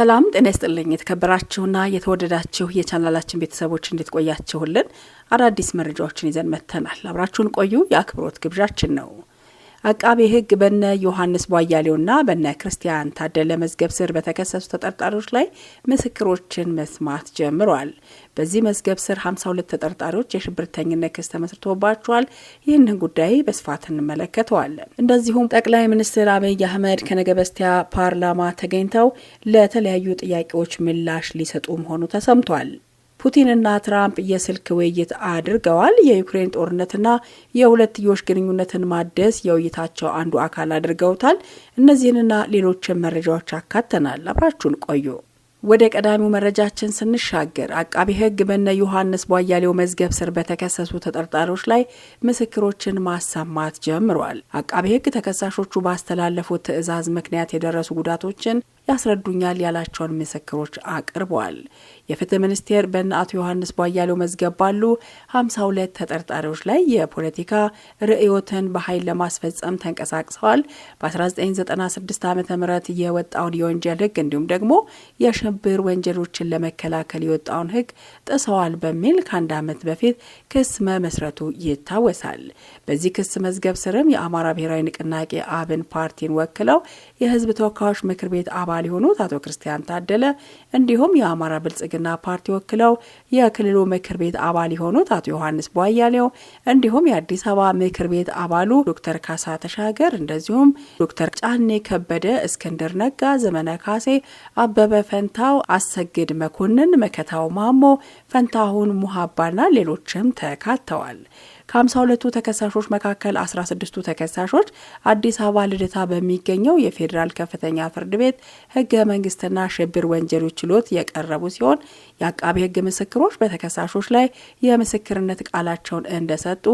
ሰላም ጤና ይስጥልኝ። የተከበራችሁና የተወደዳችሁ የቻናላችን ቤተሰቦች እንዴት ቆያችሁልን? አዳዲስ መረጃዎችን ይዘን መጥተናል። አብራችሁን ቆዩ የአክብሮት ግብዣችን ነው። አቃቤ ሕግ በነ ዮሐንስ ቧያሌውና በነ ክርስቲያን ታደለ መዝገብ ስር በተከሰሱ ተጠርጣሪዎች ላይ ምስክሮችን መስማት ጀምሯል። በዚህ መዝገብ ስር 52 ተጠርጣሪዎች የሽብርተኝነት ክስ ተመስርቶባቸዋል። ይህንን ጉዳይ በስፋት እንመለከተዋለን። እንደዚሁም ጠቅላይ ሚኒስትር አብይ አህመድ ከነገ በስቲያ ፓርላማ ተገኝተው ለተለያዩ ጥያቄዎች ምላሽ ሊሰጡ መሆኑ ተሰምቷል። ፑቲንና ትራምፕ የስልክ ውይይት አድርገዋል። የዩክሬን ጦርነትና የሁለትዮሽ ግንኙነትን ማደስ የውይይታቸው አንዱ አካል አድርገውታል። እነዚህንና ሌሎችን መረጃዎች አካተናል። አብራችሁን ቆዩ። ወደ ቀዳሚው መረጃችን ስንሻገር አቃቢ ሕግ በነ ዮሐንስ ቧያሌው መዝገብ ስር በተከሰሱ ተጠርጣሪዎች ላይ ምስክሮችን ማሰማት ጀምሯል። አቃቢ ሕግ ተከሳሾቹ ባስተላለፉት ትዕዛዝ ምክንያት የደረሱ ጉዳቶችን ያስረዱኛል ያላቸውን ምስክሮች አቅርበዋል። የፍትህ ሚኒስቴር በእነ አቶ ዮሐንስ ቧያለው መዝገብ ባሉ 52 ተጠርጣሪዎች ላይ የፖለቲካ ርዕዮትን በኃይል ለማስፈጸም ተንቀሳቅሰዋል በ1996 ዓ ም የወጣውን የወንጀል ህግ እንዲሁም ደግሞ የሽብር ወንጀሎችን ለመከላከል የወጣውን ህግ ጥሰዋል በሚል ከአንድ ዓመት በፊት ክስ መመስረቱ ይታወሳል። በዚህ ክስ መዝገብ ስርም የአማራ ብሔራዊ ንቅናቄ አብን ፓርቲን ወክለው የህዝብ ተወካዮች ምክር ቤት አባል የሆኑት አቶ ክርስቲያን ታደለ እንዲሁም የአማራ ብልጽግ ብልጽግና ፓርቲ ወክለው የክልሉ ምክር ቤት አባል የሆኑት አቶ ዮሐንስ ቧያሌው እንዲሁም የአዲስ አበባ ምክር ቤት አባሉ ዶክተር ካሳ ተሻገር እንደዚሁም ዶክተር ጫኔ ከበደ፣ እስክንድር ነጋ፣ ዘመነ ካሴ፣ አበበ ፈንታው፣ አሰግድ መኮንን፣ መከታው ማሞ፣ ፈንታሁን ሙሀባና ሌሎችም ተካተዋል። ከ 52 ተከሳሾች መካከል 16ቱ ተከሳሾች አዲስ አበባ ልደታ በሚገኘው የፌዴራል ከፍተኛ ፍርድ ቤት ህገ መንግስትና ሽብር ወንጀሎች ችሎት የቀረቡ ሲሆን የአቃቤ ህግ ምስክሮች በተከሳሾች ላይ የምስክርነት ቃላቸውን እንደሰጡ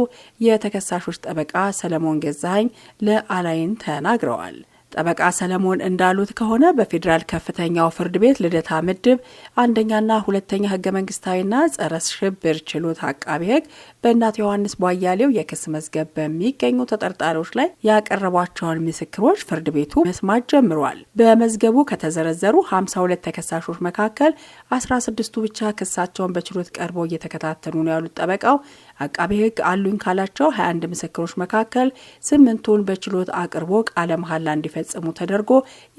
የተከሳሾች ጠበቃ ሰለሞን ገዛሀኝ ለአላይን ተናግረዋል። ጠበቃ ሰለሞን እንዳሉት ከሆነ በፌዴራል ከፍተኛው ፍርድ ቤት ልደታ ምድብ አንደኛና ሁለተኛ ህገ መንግስታዊና ጸረ ሽብር ችሎት አቃቢ ህግ በእናት ዮሐንስ ቧያሌው የክስ መዝገብ በሚገኙ ተጠርጣሪዎች ላይ ያቀረቧቸውን ምስክሮች ፍርድ ቤቱ መስማት ጀምሯል። በመዝገቡ ከተዘረዘሩ 52 ተከሳሾች መካከል 16ቱ ብቻ ክሳቸውን በችሎት ቀርበው እየተከታተሉ ነው ያሉት ጠበቃው አቃቤ ሕግ አሉኝ ካላቸው 21 ምስክሮች መካከል ስምንቱን በችሎት አቅርቦ ቃለ መሐላ እንዲፈጽሙ ተደርጎ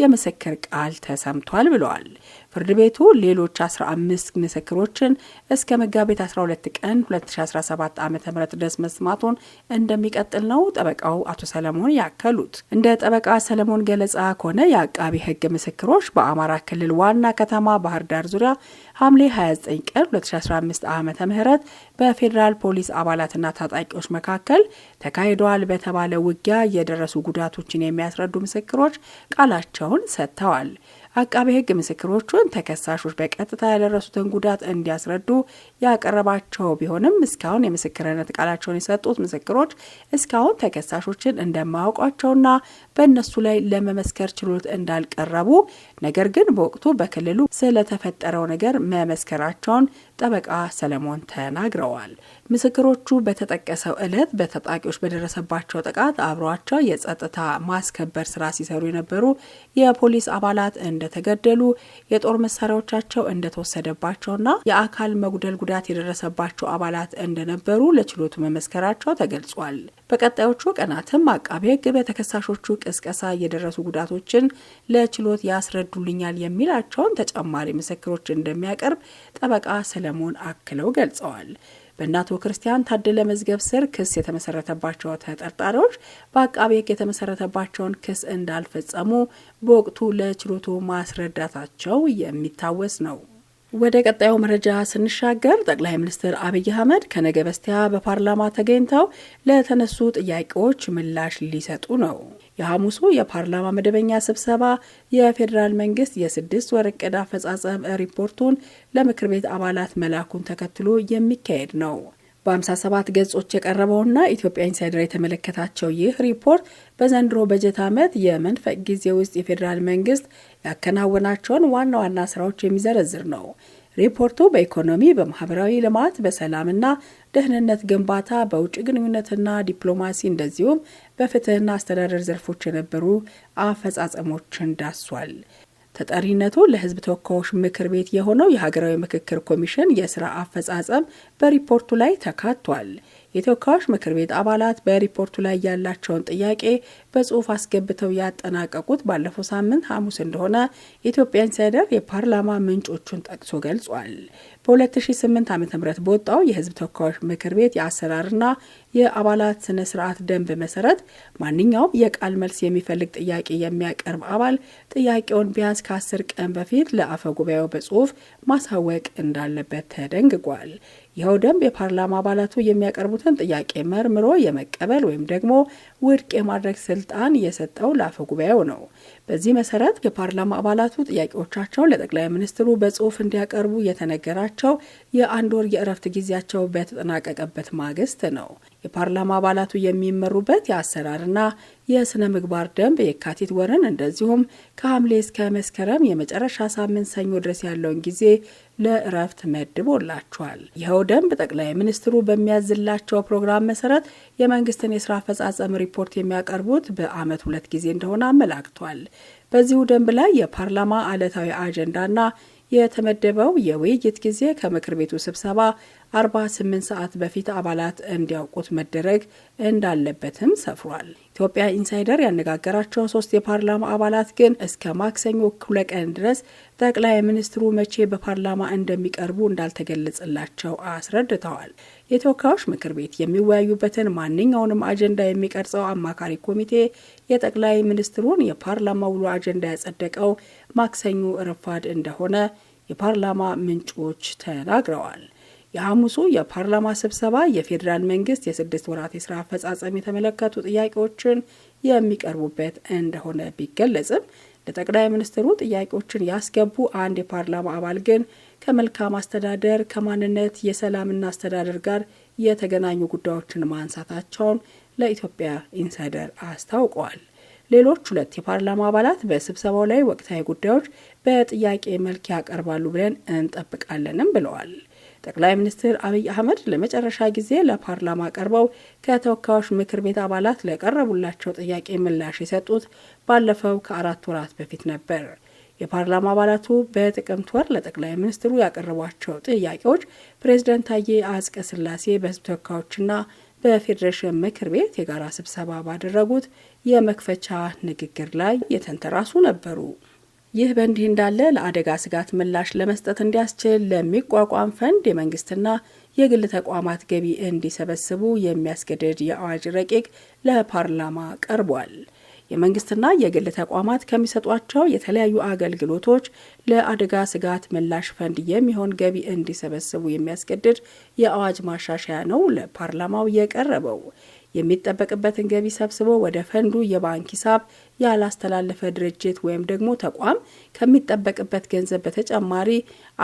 የምስክር ቃል ተሰምቷል ብለዋል። ፍርድ ቤቱ ሌሎች 15 ምስክሮችን እስከ መጋቢት 12 ቀን 2017 ዓ ም ድረስ መስማቱን እንደሚቀጥል ነው ጠበቃው አቶ ሰለሞን ያከሉት። እንደ ጠበቃ ሰለሞን ገለጻ ከሆነ የአቃቢ ህግ ምስክሮች በአማራ ክልል ዋና ከተማ ባህር ዳር ዙሪያ ሐምሌ 29 ቀን 2015 ዓ ም በፌዴራል ፖሊስ አባላትና ታጣቂዎች መካከል ተካሂደዋል በተባለ ውጊያ የደረሱ ጉዳቶችን የሚያስረዱ ምስክሮች ቃላቸውን ሰጥተዋል። አቃቤ ሕግ ምስክሮቹን ተከሳሾች በቀጥታ ያደረሱትን ጉዳት እንዲያስረዱ ያቀረባቸው ቢሆንም እስካሁን የምስክርነት ቃላቸውን የሰጡት ምስክሮች እስካሁን ተከሳሾችን እንደማያውቋቸውና በእነሱ ላይ ለመመስከር ችሎት እንዳልቀረቡ ነገር ግን በወቅቱ በክልሉ ስለተፈጠረው ነገር መመስከራቸውን ጠበቃ ሰለሞን ተናግረዋል። ምስክሮቹ በተጠቀሰው ዕለት በታጣቂዎች በደረሰባቸው ጥቃት አብሯቸው የጸጥታ ማስከበር ስራ ሲሰሩ የነበሩ የፖሊስ አባላት እንደተገደሉ፣ የጦር መሳሪያዎቻቸው እንደተወሰደባቸውና የአካል መጉደል ጉዳት የደረሰባቸው አባላት እንደነበሩ ለችሎቱ መመስከራቸው ተገልጿል። በቀጣዮቹ ቀናትም አቃቤ ሕግ በተከሳሾቹ ቅስቀሳ የደረሱ ጉዳቶችን ለችሎት ያስረዱልኛል የሚላቸውን ተጨማሪ ምስክሮች እንደሚያቀርብ ጠበቃ ሰለሞን አክለው ገልጸዋል። በእነ አቶ ክርስቲያን ታደለ መዝገብ ስር ክስ የተመሰረተባቸው ተጠርጣሪዎች በአቃቤ ሕግ የተመሰረተባቸውን ክስ እንዳልፈጸሙ በወቅቱ ለችሎቱ ማስረዳታቸው የሚታወስ ነው። ወደ ቀጣዩ መረጃ ስንሻገር ጠቅላይ ሚኒስትር አብይ አህመድ ከነገ በስቲያ በፓርላማ ተገኝተው ለተነሱ ጥያቄዎች ምላሽ ሊሰጡ ነው። የሐሙሱ የፓርላማ መደበኛ ስብሰባ የፌዴራል መንግስት የስድስት ወር እቅድ አፈጻጸም ሪፖርቱን ለምክር ቤት አባላት መላኩን ተከትሎ የሚካሄድ ነው። በአምሳ ሰባት ገጾች የቀረበውና ኢትዮጵያ ኢንሳይደር የተመለከታቸው ይህ ሪፖርት በዘንድሮ በጀት ዓመት የመንፈቅ ጊዜ ውስጥ የፌዴራል መንግስት ያከናወናቸውን ዋና ዋና ስራዎች የሚዘረዝር ነው። ሪፖርቱ በኢኮኖሚ፣ በማህበራዊ ልማት፣ በሰላምና ደህንነት ግንባታ፣ በውጭ ግንኙነትና ዲፕሎማሲ እንደዚሁም በፍትህና አስተዳደር ዘርፎች የነበሩ አፈጻጸሞችን ዳሷል። ተጠሪነቱ ለህዝብ ተወካዮች ምክር ቤት የሆነው የሀገራዊ ምክክር ኮሚሽን የስራ አፈጻጸም በሪፖርቱ ላይ ተካቷል። የተወካዮች ምክር ቤት አባላት በሪፖርቱ ላይ ያላቸውን ጥያቄ በጽሁፍ አስገብተው ያጠናቀቁት ባለፈው ሳምንት ሐሙስ እንደሆነ የኢትዮጵያ ኢንሳይደር የፓርላማ ምንጮቹን ጠቅሶ ገልጿል። በ2008 ዓ ም በወጣው የህዝብ ተወካዮች ምክር ቤት የአሰራርና የአባላት ስነ ስርዓት ደንብ መሰረት ማንኛውም የቃል መልስ የሚፈልግ ጥያቄ የሚያቀርብ አባል ጥያቄውን ቢያንስ ከአስር ቀን በፊት ለአፈ ጉባኤው በጽሁፍ ማሳወቅ እንዳለበት ተደንግጓል። ይኸው ደንብ የፓርላማ አባላቱ የሚያቀርቡትን ጥያቄ መርምሮ የመቀበል ወይም ደግሞ ውድቅ የማድረግ ስልጣን የሰጠው ለአፈ ጉባኤው ነው። በዚህ መሰረት የፓርላማ አባላቱ ጥያቄዎቻቸውን ለጠቅላይ ሚኒስትሩ በጽሁፍ እንዲያቀርቡ የተነገራቸው የአንድ ወር የእረፍት ጊዜያቸው በተጠናቀቀበት ማግስት ነው። የፓርላማ አባላቱ የሚመሩበት የአሰራርና የስነ ምግባር ደንብ የካቲት ወርን እንደዚሁም ከሐምሌ እስከ መስከረም የመጨረሻ ሳምንት ሰኞ ድረስ ያለውን ጊዜ ለእረፍት መድቦላቸዋል። ይኸው ደንብ ጠቅላይ ሚኒስትሩ በሚያዝላቸው ፕሮግራም መሰረት የመንግስትን የስራ አፈጻጸም ሪፖርት የሚያቀርቡት በአመት ሁለት ጊዜ እንደሆነ አመላክቷል። በዚሁ ደንብ ላይ የፓርላማ አለታዊ አጀንዳና የተመደበው የውይይት ጊዜ ከምክር ቤቱ ስብሰባ 48 ሰዓት በፊት አባላት እንዲያውቁት መደረግ እንዳለበትም ሰፍሯል። ኢትዮጵያ ኢንሳይደር ያነጋገራቸው ሶስት የፓርላማ አባላት ግን እስከ ማክሰኞ እኩለ ቀን ድረስ ጠቅላይ ሚኒስትሩ መቼ በፓርላማ እንደሚቀርቡ እንዳልተገለጸላቸው አስረድተዋል። የተወካዮች ምክር ቤት የሚወያዩበትን ማንኛውንም አጀንዳ የሚቀርጸው አማካሪ ኮሚቴ የጠቅላይ ሚኒስትሩን የፓርላማ ውሎ አጀንዳ ያጸደቀው ማክሰኞ ረፋድ እንደሆነ የፓርላማ ምንጮች ተናግረዋል። የሐሙሱ የፓርላማ ስብሰባ የፌዴራል መንግስት የስድስት ወራት የስራ አፈጻጸም የተመለከቱ ጥያቄዎችን የሚቀርቡበት እንደሆነ ቢገለጽም ለጠቅላይ ሚኒስትሩ ጥያቄዎችን ያስገቡ አንድ የፓርላማ አባል ግን ከመልካም አስተዳደር፣ ከማንነት፣ የሰላምና አስተዳደር ጋር የተገናኙ ጉዳዮችን ማንሳታቸውን ለኢትዮጵያ ኢንሳይደር አስታውቀዋል። ሌሎች ሁለት የፓርላማ አባላት በስብሰባው ላይ ወቅታዊ ጉዳዮች በጥያቄ መልክ ያቀርባሉ ብለን እንጠብቃለንም ብለዋል። ጠቅላይ ሚኒስትር አብይ አህመድ ለመጨረሻ ጊዜ ለፓርላማ ቀርበው ከተወካዮች ምክር ቤት አባላት ለቀረቡላቸው ጥያቄ ምላሽ የሰጡት ባለፈው ከአራት ወራት በፊት ነበር። የፓርላማ አባላቱ በጥቅምት ወር ለጠቅላይ ሚኒስትሩ ያቀረቧቸው ጥያቄዎች ፕሬዝደንት ታዬ አጽቀ ሥላሴ በህዝብ ተወካዮችና በፌዴሬሽን ምክር ቤት የጋራ ስብሰባ ባደረጉት የመክፈቻ ንግግር ላይ የተንተራሱ ነበሩ። ይህ በእንዲህ እንዳለ ለአደጋ ስጋት ምላሽ ለመስጠት እንዲያስችል ለሚቋቋም ፈንድ የመንግስትና የግል ተቋማት ገቢ እንዲሰበስቡ የሚያስገድድ የአዋጅ ረቂቅ ለፓርላማ ቀርቧል። የመንግስትና የግል ተቋማት ከሚሰጧቸው የተለያዩ አገልግሎቶች ለአደጋ ስጋት ምላሽ ፈንድ የሚሆን ገቢ እንዲሰበስቡ የሚያስገድድ የአዋጅ ማሻሻያ ነው ለፓርላማው የቀረበው። የሚጠበቅበትን ገቢ ሰብስቦ ወደ ፈንዱ የባንክ ሂሳብ ያላስተላለፈ ድርጅት ወይም ደግሞ ተቋም ከሚጠበቅበት ገንዘብ በተጨማሪ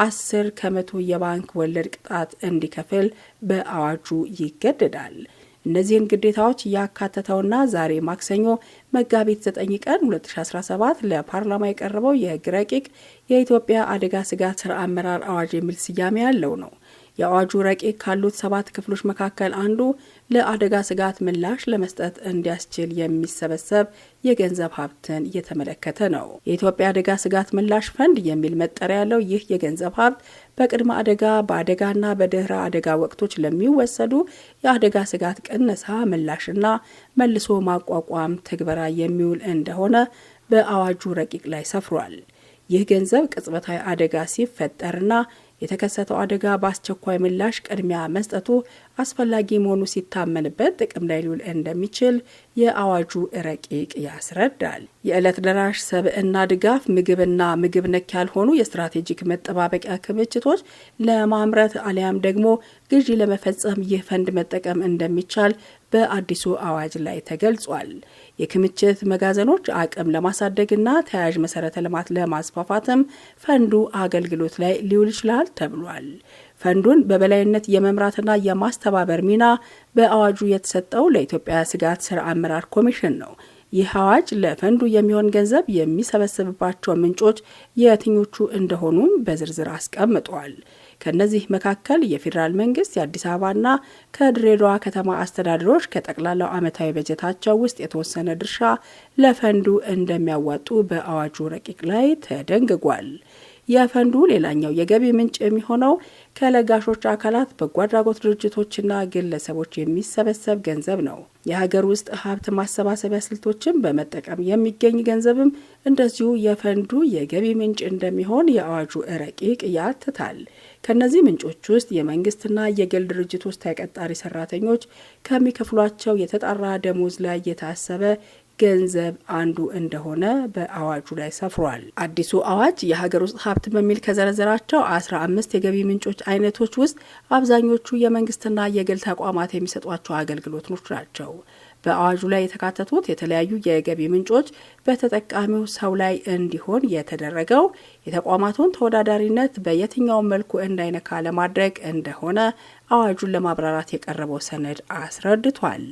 አስር ከመቶ የባንክ ወለድ ቅጣት እንዲከፍል በአዋጁ ይገደዳል። እነዚህን ግዴታዎች እያካተተውና ዛሬ ማክሰኞ መጋቢት 9 ቀን 2017 ለፓርላማ የቀረበው የህግ ረቂቅ የኢትዮጵያ አደጋ ስጋት ስራ አመራር አዋጅ የሚል ስያሜ ያለው ነው። የአዋጁ ረቂቅ ካሉት ሰባት ክፍሎች መካከል አንዱ ለአደጋ ስጋት ምላሽ ለመስጠት እንዲያስችል የሚሰበሰብ የገንዘብ ሀብትን እየተመለከተ ነው። የኢትዮጵያ አደጋ ስጋት ምላሽ ፈንድ የሚል መጠሪያ ያለው ይህ የገንዘብ ሀብት በቅድመ አደጋ በአደጋና በድህረ አደጋ ወቅቶች ለሚወሰዱ የአደጋ ስጋት ቅነሳ ምላሽና መልሶ ማቋቋም ትግበራ የሚውል እንደሆነ በአዋጁ ረቂቅ ላይ ሰፍሯል። ይህ ገንዘብ ቅጽበታዊ አደጋ ሲፈጠርና የተከሰተው አደጋ በአስቸኳይ ምላሽ ቅድሚያ መስጠቱ አስፈላጊ መሆኑ ሲታመንበት ጥቅም ላይ ሊውል እንደሚችል የአዋጁ ረቂቅ ያስረዳል። የዕለት ደራሽ ሰብዕና ድጋፍ ምግብና ምግብ ነክ ያልሆኑ የስትራቴጂክ መጠባበቂያ ክምችቶች ለማምረት አሊያም ደግሞ ግዢ ለመፈጸም ይህ ፈንድ መጠቀም እንደሚቻል በአዲሱ አዋጅ ላይ ተገልጿል። የክምችት መጋዘኖች አቅም ለማሳደግና ተያያዥ መሰረተ ልማት ለማስፋፋትም ፈንዱ አገልግሎት ላይ ሊውል ይችላል ተብሏል። ፈንዱን በበላይነት የመምራትና የማስተባበር ሚና በአዋጁ የተሰጠው ለኢትዮጵያ ስጋት ስራ አመራር ኮሚሽን ነው። ይህ አዋጅ ለፈንዱ የሚሆን ገንዘብ የሚሰበሰብባቸው ምንጮች የትኞቹ እንደሆኑም በዝርዝር አስቀምጧል። ከእነዚህ መካከል የፌዴራል መንግስት፣ የአዲስ አበባና ከድሬዳዋ ከተማ አስተዳደሮች ከጠቅላላው ዓመታዊ በጀታቸው ውስጥ የተወሰነ ድርሻ ለፈንዱ እንደሚያዋጡ በአዋጁ ረቂቅ ላይ ተደንግጓል። የፈንዱ ሌላኛው የገቢ ምንጭ የሚሆነው ከለጋሾች አካላት፣ በጎ አድራጎት ድርጅቶችና ግለሰቦች የሚሰበሰብ ገንዘብ ነው። የሀገር ውስጥ ሀብት ማሰባሰቢያ ስልቶችን በመጠቀም የሚገኝ ገንዘብም እንደዚሁ የፈንዱ የገቢ ምንጭ እንደሚሆን የአዋጁ ረቂቅ ያትታል። ከእነዚህ ምንጮች ውስጥ የመንግስትና የግል ድርጅቶች ተቀጣሪ ሰራተኞች ከሚከፍሏቸው የተጣራ ደሞዝ ላይ የታሰበ ገንዘብ አንዱ እንደሆነ በአዋጁ ላይ ሰፍሯል። አዲሱ አዋጅ የሀገር ውስጥ ሀብት በሚል ከዘረዘራቸው አስራ አምስት የገቢ ምንጮች አይነቶች ውስጥ አብዛኞቹ የመንግስትና የግል ተቋማት የሚሰጧቸው አገልግሎቶች ናቸው። በአዋጁ ላይ የተካተቱት የተለያዩ የገቢ ምንጮች በተጠቃሚው ሰው ላይ እንዲሆን የተደረገው የተቋማቱን ተወዳዳሪነት በየትኛውም መልኩ እንዳይነካ ለማድረግ እንደሆነ አዋጁን ለማብራራት የቀረበው ሰነድ አስረድቷል።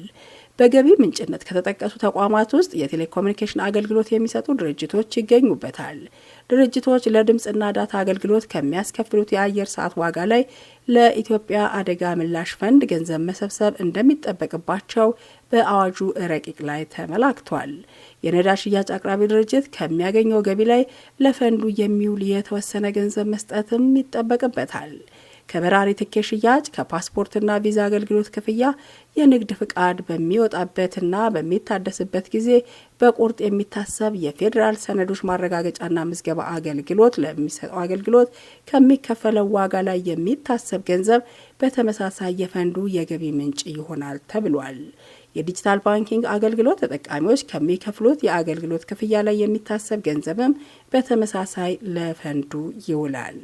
በገቢ ምንጭነት ከተጠቀሱ ተቋማት ውስጥ የቴሌኮሙኒኬሽን አገልግሎት የሚሰጡ ድርጅቶች ይገኙበታል። ድርጅቶች ለድምፅና ዳታ አገልግሎት ከሚያስከፍሉት የአየር ሰዓት ዋጋ ላይ ለኢትዮጵያ አደጋ ምላሽ ፈንድ ገንዘብ መሰብሰብ እንደሚጠበቅባቸው በአዋጁ ረቂቅ ላይ ተመላክቷል። የነዳጅ ሽያጭ አቅራቢ ድርጅት ከሚያገኘው ገቢ ላይ ለፈንዱ የሚውል የተወሰነ ገንዘብ መስጠትም ይጠበቅበታል። ከበራሪ ትኬት ሽያጭ፣ ከፓስፖርትና ቪዛ አገልግሎት ክፍያ፣ የንግድ ፍቃድ በሚወጣበትና በሚታደስበት ጊዜ በቁርጥ የሚታሰብ የፌዴራል ሰነዶች ማረጋገጫና ምዝገባ አገልግሎት ለሚሰጠው አገልግሎት ከሚከፈለው ዋጋ ላይ የሚታሰብ ገንዘብ በተመሳሳይ የፈንዱ የገቢ ምንጭ ይሆናል ተብሏል። የዲጂታል ባንኪንግ አገልግሎት ተጠቃሚዎች ከሚከፍሉት የአገልግሎት ክፍያ ላይ የሚታሰብ ገንዘብም በተመሳሳይ ለፈንዱ ይውላል።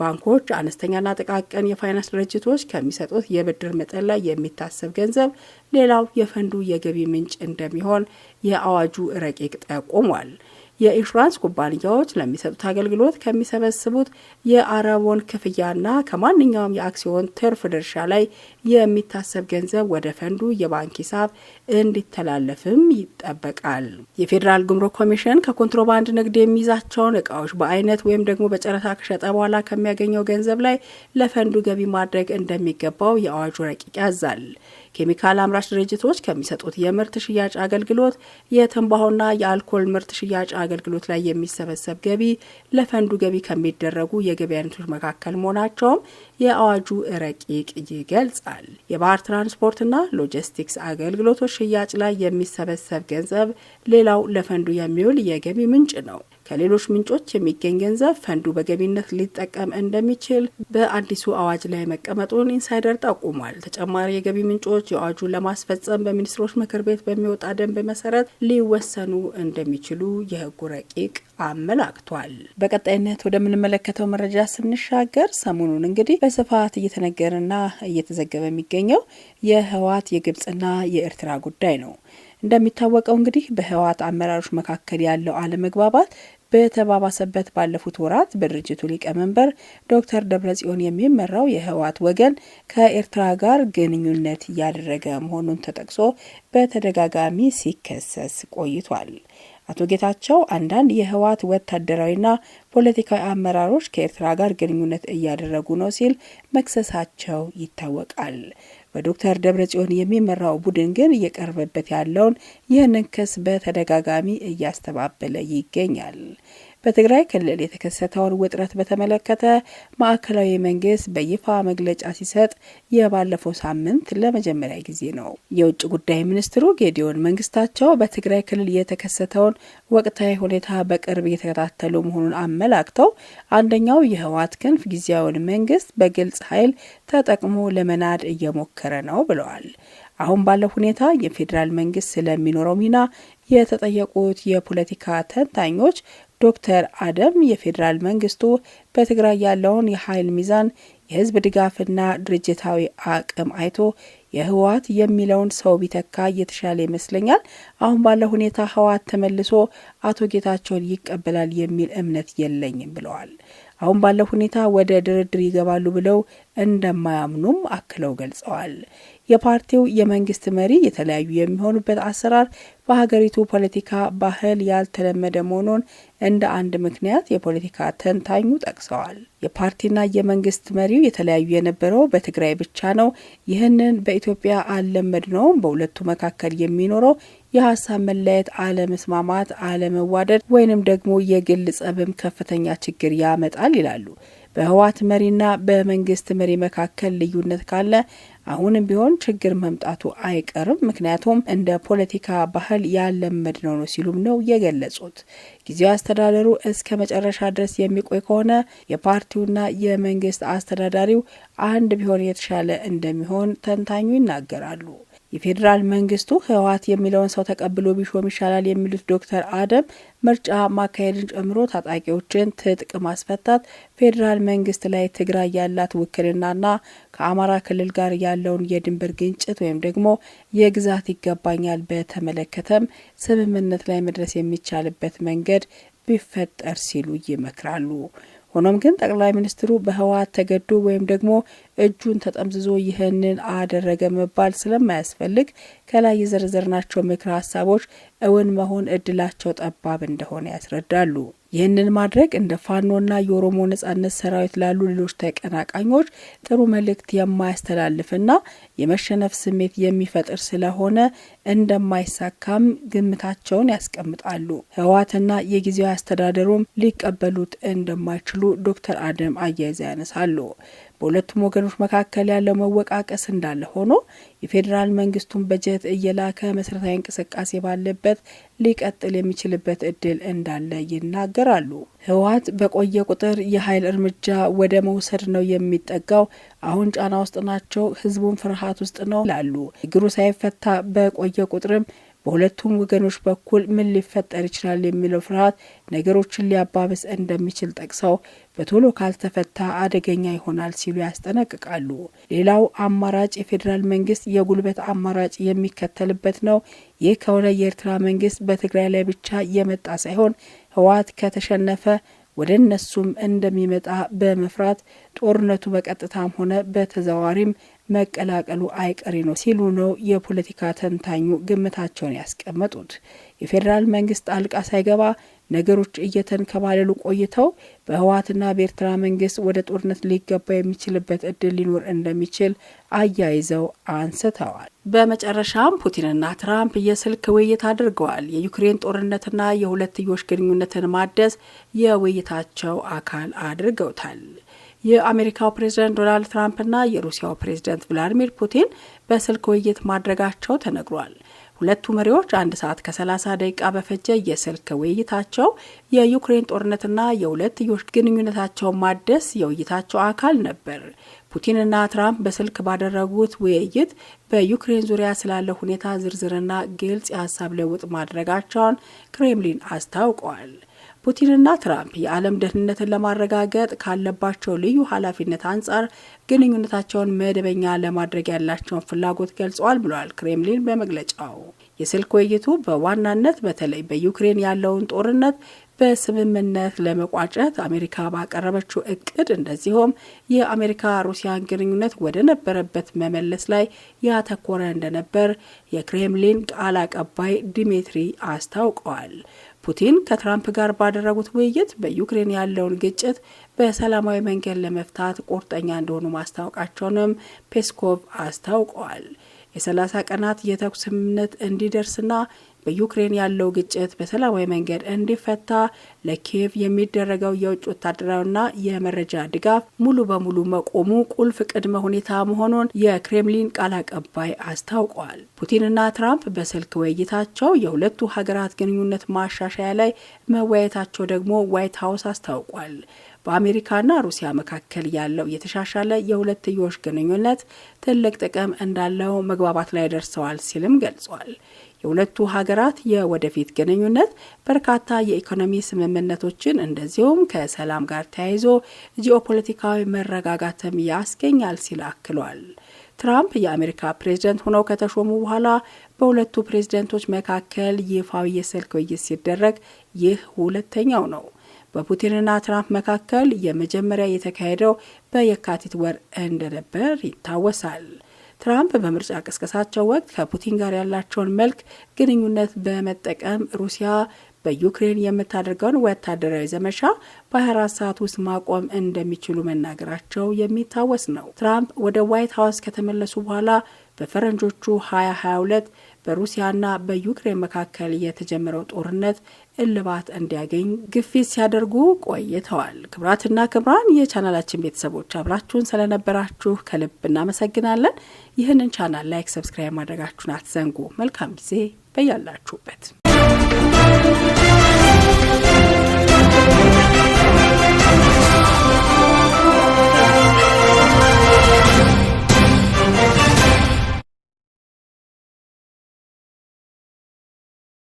ባንኮች፣ አነስተኛና ጥቃቅን የፋይናንስ ድርጅቶች ከሚሰጡት የብድር መጠን ላይ የሚታሰብ ገንዘብ ሌላው የፈንዱ የገቢ ምንጭ እንደሚሆን የአዋጁ ረቂቅ ጠቁሟል። የኢንሹራንስ ኩባንያዎች ለሚሰጡት አገልግሎት ከሚሰበስቡት የአረቦን ክፍያና ከማንኛውም የአክሲዮን ትርፍ ድርሻ ላይ የሚታሰብ ገንዘብ ወደ ፈንዱ የባንክ ሂሳብ እንዲተላለፍም ይጠበቃል። የፌዴራል ጉምሩክ ኮሚሽን ከኮንትሮባንድ ንግድ የሚይዛቸውን እቃዎች በአይነት ወይም ደግሞ በጨረታ ከሸጠ በኋላ ከሚያገኘው ገንዘብ ላይ ለፈንዱ ገቢ ማድረግ እንደሚገባው የአዋጁ ረቂቅ ያዛል። ኬሚካል አምራች ድርጅቶች ከሚሰጡት የምርት ሽያጭ አገልግሎት የትንባሆና የአልኮል ምርት ሽያጭ አገልግሎት ላይ የሚሰበሰብ ገቢ ለፈንዱ ገቢ ከሚደረጉ የገቢ አይነቶች መካከል መሆናቸውም የአዋጁ ረቂቅ ይገልጻል። የባህር ትራንስፖርትና ሎጂስቲክስ አገልግሎቶች ሽያጭ ላይ የሚሰበሰብ ገንዘብ ሌላው ለፈንዱ የሚውል የገቢ ምንጭ ነው። ከሌሎች ምንጮች የሚገኝ ገንዘብ ፈንዱ በገቢነት ሊጠቀም እንደሚችል በአዲሱ አዋጅ ላይ መቀመጡን ኢንሳይደር ጠቁሟል። ተጨማሪ የገቢ ምንጮች የአዋጁን ለማስፈጸም በሚኒስትሮች ምክር ቤት በሚወጣ ደንብ መሰረት ሊወሰኑ እንደሚችሉ የህጉ ረቂቅ አመላክቷል። በቀጣይነት ወደምንመለከተው መረጃ ስንሻገር ሰሞኑን እንግዲህ በስፋት እየተነገረና እየተዘገበ የሚገኘው የህወሓት የግብጽና የኤርትራ ጉዳይ ነው። እንደሚታወቀው እንግዲህ በህወሓት አመራሮች መካከል ያለው አለመግባባት በተባባሰበት ባለፉት ወራት በድርጅቱ ሊቀመንበር ዶክተር ደብረጽዮን የሚመራው የህወሓት ወገን ከኤርትራ ጋር ግንኙነት እያደረገ መሆኑን ተጠቅሶ በተደጋጋሚ ሲከሰስ ቆይቷል። አቶ ጌታቸው አንዳንድ የህወሓት ወታደራዊና ፖለቲካዊ አመራሮች ከኤርትራ ጋር ግንኙነት እያደረጉ ነው ሲል መክሰሳቸው ይታወቃል። በዶክተር ደብረጽዮን የሚመራው ቡድን ግን እየቀረበበት ያለውን ይህንን ክስ በተደጋጋሚ እያስተባበለ ይገኛል። በትግራይ ክልል የተከሰተውን ውጥረት በተመለከተ ማዕከላዊ መንግስት በይፋ መግለጫ ሲሰጥ የባለፈው ሳምንት ለመጀመሪያ ጊዜ ነው። የውጭ ጉዳይ ሚኒስትሩ ጌዲዮን መንግስታቸው በትግራይ ክልል የተከሰተውን ወቅታዊ ሁኔታ በቅርብ እየተከታተሉ መሆኑን አመላክተው አንደኛው የህወሓት ክንፍ ጊዜያዊውን መንግስት በግልጽ ኃይል ተጠቅሞ ለመናድ እየሞከረ ነው ብለዋል። አሁን ባለው ሁኔታ የፌዴራል መንግስት ስለሚኖረው ሚና የተጠየቁት የፖለቲካ ተንታኞች ዶክተር አደም የፌዴራል መንግስቱ በትግራይ ያለውን የኃይል ሚዛን፣ የህዝብ ድጋፍና ድርጅታዊ አቅም አይቶ የህወሓት የሚለውን ሰው ቢተካ እየተሻለ ይመስለኛል። አሁን ባለው ሁኔታ ህወሓት ተመልሶ አቶ ጌታቸውን ይቀበላል የሚል እምነት የለኝም ብለዋል። አሁን ባለው ሁኔታ ወደ ድርድር ይገባሉ ብለው እንደማያምኑም አክለው ገልጸዋል። የፓርቲው የመንግስት መሪ የተለያዩ የሚሆኑበት አሰራር በሀገሪቱ ፖለቲካ ባህል ያልተለመደ መሆኑን እንደ አንድ ምክንያት የፖለቲካ ተንታኙ ጠቅሰዋል። የፓርቲና የመንግስት መሪው የተለያዩ የነበረው በትግራይ ብቻ ነው። ይህንን በኢትዮጵያ አልለመድ ነውም። በሁለቱ መካከል የሚኖረው የሀሳብ መለያየት፣ አለመስማማት፣ አለመዋደድ ወይንም ደግሞ የግል ጸብም ከፍተኛ ችግር ያመጣል ይላሉ። በህወሓት መሪና በመንግስት መሪ መካከል ልዩነት ካለ አሁንም ቢሆን ችግር መምጣቱ አይቀርም። ምክንያቱም እንደ ፖለቲካ ባህል ያለመድ ነው ሲሉም ነው የገለጹት። ጊዜው አስተዳደሩ እስከ መጨረሻ ድረስ የሚቆይ ከሆነ የፓርቲውና የመንግስት አስተዳዳሪው አንድ ቢሆን የተሻለ እንደሚሆን ተንታኙ ይናገራሉ። የፌዴራል መንግስቱ ህወሓት የሚለውን ሰው ተቀብሎ ቢሾም ይሻላል የሚሉት ዶክተር አደም ምርጫ ማካሄድን ጨምሮ ታጣቂዎችን ትጥቅ ማስፈታት ፌዴራል መንግስት ላይ ትግራይ ያላት ውክልናና ከአማራ ክልል ጋር ያለውን የድንበር ግንጭት ወይም ደግሞ የግዛት ይገባኛል በተመለከተም ስምምነት ላይ መድረስ የሚቻልበት መንገድ ቢፈጠር ሲሉ ይመክራሉ። ሆኖም ግን ጠቅላይ ሚኒስትሩ በህወሀት ተገዶ ወይም ደግሞ እጁን ተጠምዝዞ ይህንን አደረገ መባል ስለማያስፈልግ ከላይ የዘረዘርናቸው ምክረ ሀሳቦች እውን መሆን እድላቸው ጠባብ እንደሆነ ያስረዳሉ። ይህንን ማድረግ እንደ ፋኖና የኦሮሞ ነጻነት ሰራዊት ላሉ ሌሎች ተቀናቃኞች ጥሩ መልእክት የማያስተላልፍና የመሸነፍ ስሜት የሚፈጥር ስለሆነ እንደማይሳካም ግምታቸውን ያስቀምጣሉ። ህወሓትና የጊዜያዊ አስተዳደሩም ሊቀበሉት እንደማይችሉ ዶክተር አደም አያይዘ ያነሳሉ። በሁለቱም ወገኖች መካከል ያለው መወቃቀስ እንዳለ ሆኖ የፌዴራል መንግስቱን በጀት እየላከ መሰረታዊ እንቅስቃሴ ባለበት ሊቀጥል የሚችልበት እድል እንዳለ ይናገራሉ። ህወሓት በቆየ ቁጥር የኃይል እርምጃ ወደ መውሰድ ነው የሚጠጋው። አሁን ጫና ውስጥ ናቸው፣ ህዝቡን ፍርሃት ውስጥ ነው ይላሉ። ችግሩ ሳይፈታ በቆየ ቁጥርም በሁለቱም ወገኖች በኩል ምን ሊፈጠር ይችላል የሚለው ፍርሃት ነገሮችን ሊያባብስ እንደሚችል ጠቅሰው በቶሎ ካልተፈታ አደገኛ ይሆናል ሲሉ ያስጠነቅቃሉ። ሌላው አማራጭ የፌዴራል መንግስት የጉልበት አማራጭ የሚከተልበት ነው። ይህ ከሆነ የኤርትራ መንግስት በትግራይ ላይ ብቻ የመጣ ሳይሆን ህወሓት ከተሸነፈ ወደ እነሱም እንደሚመጣ በመፍራት ጦርነቱ በቀጥታም ሆነ በተዘዋዋሪም መቀላቀሉ አይቀሬ ነው ሲሉ ነው የፖለቲካ ተንታኙ ግምታቸውን ያስቀመጡት። የፌዴራል መንግስት ጣልቃ ሳይገባ ነገሮች እየተንከባለሉ ቆይተው በህወሓትና በኤርትራ መንግስት ወደ ጦርነት ሊገባ የሚችልበት እድል ሊኖር እንደሚችል አያይዘው አንስተዋል። በመጨረሻም ፑቲንና ትራምፕ የስልክ ውይይት አድርገዋል። የዩክሬን ጦርነትና የሁለትዮሽ ግንኙነትን ማደስ የውይይታቸው አካል አድርገውታል። የአሜሪካው ፕሬዝደንት ዶናልድ ትራምፕና የሩሲያው ፕሬዝደንት ቭላዲሚር ፑቲን በስልክ ውይይት ማድረጋቸው ተነግሯል። ሁለቱ መሪዎች አንድ ሰዓት ከ30 ደቂቃ በፈጀ የስልክ ውይይታቸው የዩክሬን ጦርነትና የሁለትዮሽ ግንኙነታቸውን ማደስ የውይይታቸው አካል ነበር። ፑቲንና ትራምፕ በስልክ ባደረጉት ውይይት በዩክሬን ዙሪያ ስላለ ሁኔታ ዝርዝርና ግልጽ የሀሳብ ልውውጥ ማድረጋቸውን ክሬምሊን አስታውቋል። ፑቲንና ትራምፕ የዓለም ደህንነትን ለማረጋገጥ ካለባቸው ልዩ ኃላፊነት አንጻር ግንኙነታቸውን መደበኛ ለማድረግ ያላቸውን ፍላጎት ገልጸዋል ብለዋል ክሬምሊን በመግለጫው። የስልክ ውይይቱ በዋናነት በተለይ በዩክሬን ያለውን ጦርነት በስምምነት ለመቋጨት አሜሪካ ባቀረበችው እቅድ እንደዚሁም የአሜሪካ ሩሲያን ግንኙነት ወደ ነበረበት መመለስ ላይ ያተኮረ እንደነበር የክሬምሊን ቃል አቀባይ ዲሜትሪ አስታውቀዋል። ፑቲን ከትራምፕ ጋር ባደረጉት ውይይት በዩክሬን ያለውን ግጭት በሰላማዊ መንገድ ለመፍታት ቁርጠኛ እንደሆኑ ማስታወቃቸውንም ፔስኮቭ አስታውቀዋል። የ30 ቀናት የተኩስ ስምምነት እንዲደርስና በዩክሬን ያለው ግጭት በሰላማዊ መንገድ እንዲፈታ ለኪየቭ የሚደረገው የውጭ ወታደራዊና የመረጃ ድጋፍ ሙሉ በሙሉ መቆሙ ቁልፍ ቅድመ ሁኔታ መሆኑን የክሬምሊን ቃል አቀባይ አስታውቋል። ፑቲንና ትራምፕ በስልክ ውይይታቸው የሁለቱ ሀገራት ግንኙነት ማሻሻያ ላይ መወያየታቸው ደግሞ ዋይት ሀውስ አስታውቋል። በአሜሪካና ሩሲያ መካከል ያለው የተሻሻለ የሁለትዮሽ ግንኙነት ትልቅ ጥቅም እንዳለው መግባባት ላይ ደርሰዋል ሲልም ገልጿል። የሁለቱ ሀገራት የወደፊት ግንኙነት በርካታ የኢኮኖሚ ስምምነቶችን እንደዚሁም ከሰላም ጋር ተያይዞ ጂኦፖለቲካዊ መረጋጋትም ያስገኛል ሲል አክሏል። ትራምፕ የአሜሪካ ፕሬዝደንት ሆነው ከተሾሙ በኋላ በሁለቱ ፕሬዝደንቶች መካከል ይፋዊ የስልክ ውይይት ሲደረግ ይህ ሁለተኛው ነው። በፑቲንና ትራምፕ መካከል የመጀመሪያ የተካሄደው በየካቲት ወር እንደነበር ይታወሳል። ትራምፕ በምርጫ ቅስቀሳቸው ወቅት ከፑቲን ጋር ያላቸውን መልክ ግንኙነት በመጠቀም ሩሲያ በዩክሬን የምታደርገውን ወታደራዊ ዘመቻ በ24 ሰዓት ውስጥ ማቆም እንደሚችሉ መናገራቸው የሚታወስ ነው። ትራምፕ ወደ ዋይት ሀውስ ከተመለሱ በኋላ በፈረንጆቹ 2022 በሩሲያና በዩክሬን መካከል የተጀመረው ጦርነት እልባት እንዲያገኝ ግፊት ሲያደርጉ ቆይተዋል። ክብራትና ክብራን የቻናላችን ቤተሰቦች አብራችሁን ስለነበራችሁ ከልብ እናመሰግናለን። ይህንን ቻናል ላይክ፣ ሰብስክራይብ ማድረጋችሁን አትዘንጉ። መልካም ጊዜ በያላችሁበት